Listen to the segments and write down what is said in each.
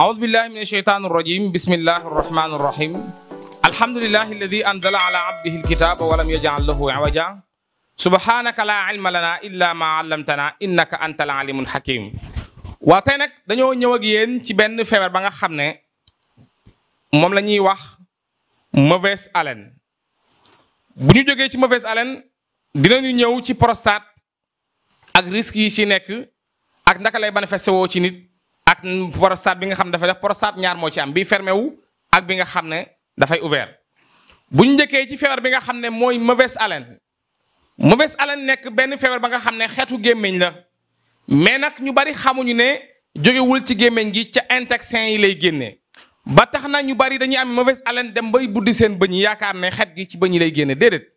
أعوذ بالله من الشيطان الرجيم بسم الله الرحمن الرحيم الحمد لله الذي أنزل على عبده الكتاب ولم يجعل له عوجا سبحانك لا علم لنا إلا ما علمتنا إنك أنت العليم الحكيم waa tey nag dañoo ñëw ak yéen ci benn feebar ba nga xam ne moom la ñuy wax mauvaise haleine bu ñu jógee ci mauvaise haleine dinañu ñëw ci prostate ak risques yi ci nekk ak naka lay manifesté woo ci nit ak prostate bi nga xam ne dafa def prostate ñaar moo ci bi fermé wu ak bi nga xam ne dafay ouvert bu ñu njëkkee ci feebar bi nga xam ne mooy mauvaise haleine mauvaise haleine nekk benn feebar ba nga xam ne xeetu gémmiñ la mais nag ñu bari xamuñu ne jógewul ci gémmiñ gi ca intestin yi lay génne ba tax na ñu bari dañuy am mauvaise haleine dem bay buddi seen bëñ yi yaakaar ne xet gi ci bëñ yi lay génne déedéet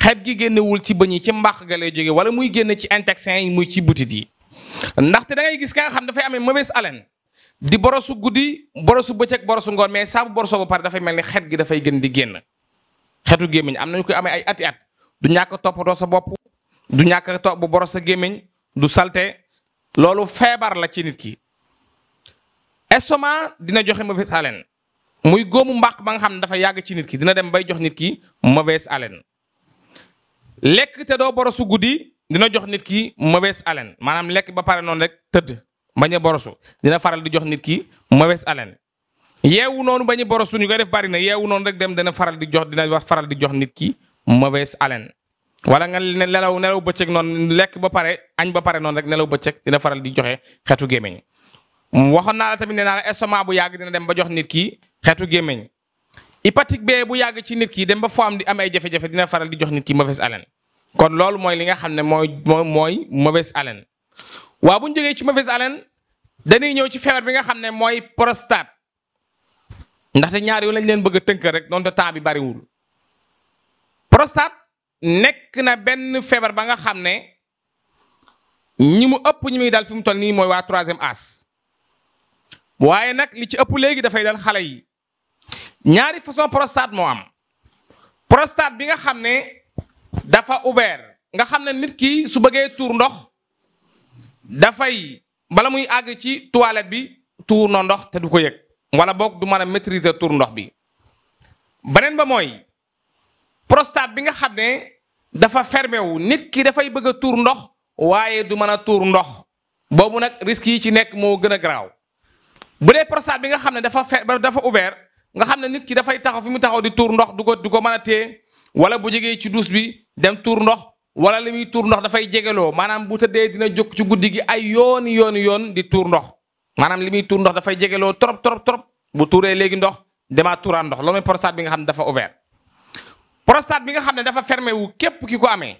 xet gi génnewul ci bëñ yi ci mbaq ga lay jóge wala muy génne ci intestin yi muy ci butit yi ndaxte da ngay gis ka nga xam dafay amee mauvaise aleen di borosu guddi borosu bëccëg borosu ngoon mais saabu borosoo ba pare dafay mel ni xet gi dafay gën di génn xetu gémmiñ am nañu koy amee ay ati at du ñàkk toppatoo sa bopp du ñàkk topp bu boros sa gémmiñ du salte loolu feebar la ci nit ki estomac dina joxe mauvaise haleine muy góomu mbàq ba nga xam ne dafa yàgg ci nit ki dina dem bay jox nit ki mauvaise haleine lekk te doo borosu guddi dina jox nit ki mauvaise haleine maanaam lekk ba pare noonu rek tëdd bañ a borosu dina faral di jox nit ki mauvaise haleine yeewu noonu bañ a borosu ñu koy def bari na yeewu noonu rek dem dina faral di jox dina wax faral di jox nit ki mauvaise haleine wala nga ne nelaw nelaw bëccëg noonu lekk ba pare añ ba pare noonu rek nelaw bëccëg dina faral di joxe xeetu gémmiñ waxoon naa la tamit nee naa la estomac bu yàgg dina dem ba jox nit ki xeetu gémmiñ hépatique B bu yàgg ci nit ki dem ba foo am di am ay jafe-jafe dina faral di jox nit ki mauvaise haleine kon loolu mooy li nga xam ne mooy mooy mauvaise haleine waaw bu ñu jógee ci mauvaise haleine dañuy ñëw ci feebar bi nga xam ne mooy prostate ndaxte ñaar yooyu lañ leen bëgg a tënk rek donte temps bi bariwul prostate nekk na benn feebar ba nga xam ne ñi ëpp ñi muy dal fi mu toll nii mooy waa troisième as waaye nag li ci ëpp léegi dafay dal xale yi ñaari façon prostate moo am prostate bi nga xam ne dafa ouvert nga xam ne nit ki su bëggee tuur ndox dafay bala muy àgg ci toilette bi tuur na ndox te du ko yëg wala boog du mën a maîtriser tuur ndox bi beneen ba mooy prostate bi nga xam ne dafa fermé wu nit ki dafay bëgg a ndox waaye du mën a tuur ndox boobu nag risques yi ci nekk moo gën a garaaw bu dee prostate bi nga xam ne dafa fe dafa ouvert nga xam ne nit ki dafay taxaw fi mu taxaw di tour ndox du ko du ko mën a téye wala bu jegee ci duus bi dem tuur ndox wala li muy tuur ndox dafay jegeloo maanaam bu dee dina jóg ci guddi gi ay yoon yooni yoon di tuur ndox maanaam li muy tuur ndox dafay jegeloo trop trop trop bu tuuree léegi ndox demaat tuuraat ndox loolu mooy prostate bi nga xam ne dafa ouvert prostate bi nga xam ne dafa ferme wu képp ki ko amee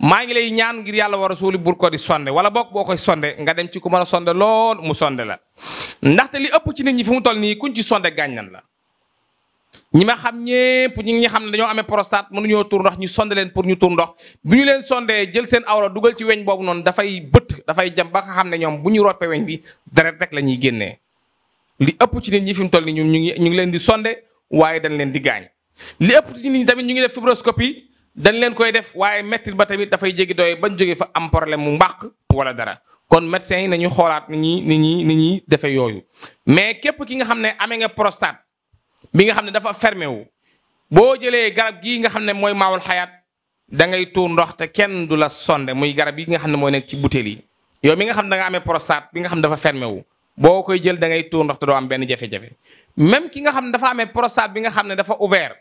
maa ngi lay ñaan ngir yàlla war a suuli bur ko di sonde wala boog boo koy sonde nga dem ci ku mën a sonde lool mu sonde la ndaxte li ëpp ci nit ñi fi mu toll nii kuñ ci sonde gàññan la ñi ma xam ñépp ñi nga xam ne dañoo amee prostate ñoo tuur ndox ñu sonde leen pour ñu tuur ndox bu ñu leen sondee jël seen awra dugal ci weñ boobu noonu dafay bëtt dafay jam ba nga xam ne ñoom bu ñu roppe weñ bi deret rek la ñuy génnee li ëpp ci nit ñi fi mu toll ni ñoom ñu ngi ñu ngi leen di sonde waaye dañ leen di gaañ li ëpp ci nit tamit ñu ngi def fibroscopie dañ leen koy def waaye mettit ba tamit dafay jéggi doy bañ jógee fa am problème mu mbàq wala dara kon médecins yi nañu xoolaat ni ñuy ni ñuy ni ñuy defee yooyu mais képp ki nga xam ne amee nga prostate bi nga xam ne dafa fermé wu boo jëlee garab gii nga xam ne mooy maawul xayaat da ngay tuur ndox te kenn du la sonde muy garab yi nga xam ne mooy nekk ci butéel yi yow mi nga xam ne danga amee prostate bi nga xam ne dafa fermé wu boo koy jël da ngay ndox te doo am benn jafe même ki nga xam ne dafa amee prostate bi nga xam ne dafa ouvert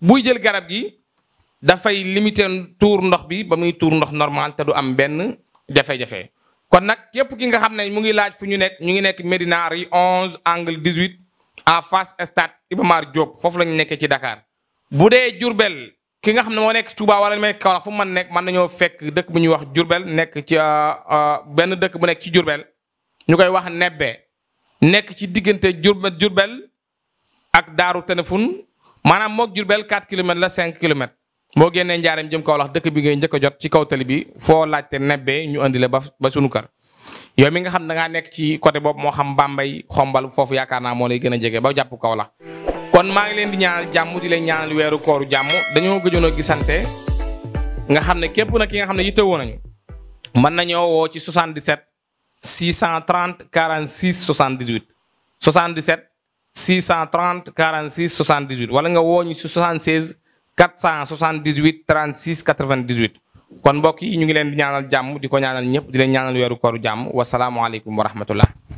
buy jël garab gi dafay limité tuur ndox bi ba muy tuur ndox normal te du am benn jafe-jafe kon nag képp ki nga xam ne mu ngi laaj fu ñu nekk ñu ngi nekk Médina rue 11 angle 18 en face stade Iba Mar Diop foofu lañ nekkee ci dakaar bu dee jurbel ki nga xam ne moo nekk Touba wala nekk Kaolack fu mu nekk mën nañoo fekk dëkk bu ñuy wax jurbel nekk ci euh, euh, benn dëkk bu nekk ci Diourbel ñu koy wax Nebbe nekk ci diggante Diourbel Diourbel ak Daaru Ténéfoun maanaam moog Diourbel 4 kilomètres la 5 kilomètres moo génnee Njaareem jëm Kaolack dëkk bi ngay njëkk a jot ci kaw tali bi foo laajte Nebbe ñu andi la ba ba sunu kër. yow mi nga xam da ngaa nekk ci côté boobu moo xam Bambey xombal foofu yaakaar na moo lay gën a jege ba jàpp kaw la kon maa ngi leen di ñaanal jàmm di leen ñaanal weeru kooru jàmm dañoo gëjoon a gisante nga xam ne képp nag ki nga xam ne yittewoo nañu mën nañoo woo ci 77 630 46 78 77 630 46 78 wala nga woo ñu ci 76 478 36 98. kon mbokk yi ñu ngi leen di ñaanal jàmm di ko ñaanal ñëpp di leen ñaanal weeru kooru jàmm wasalaamualeykum wa rahmatullah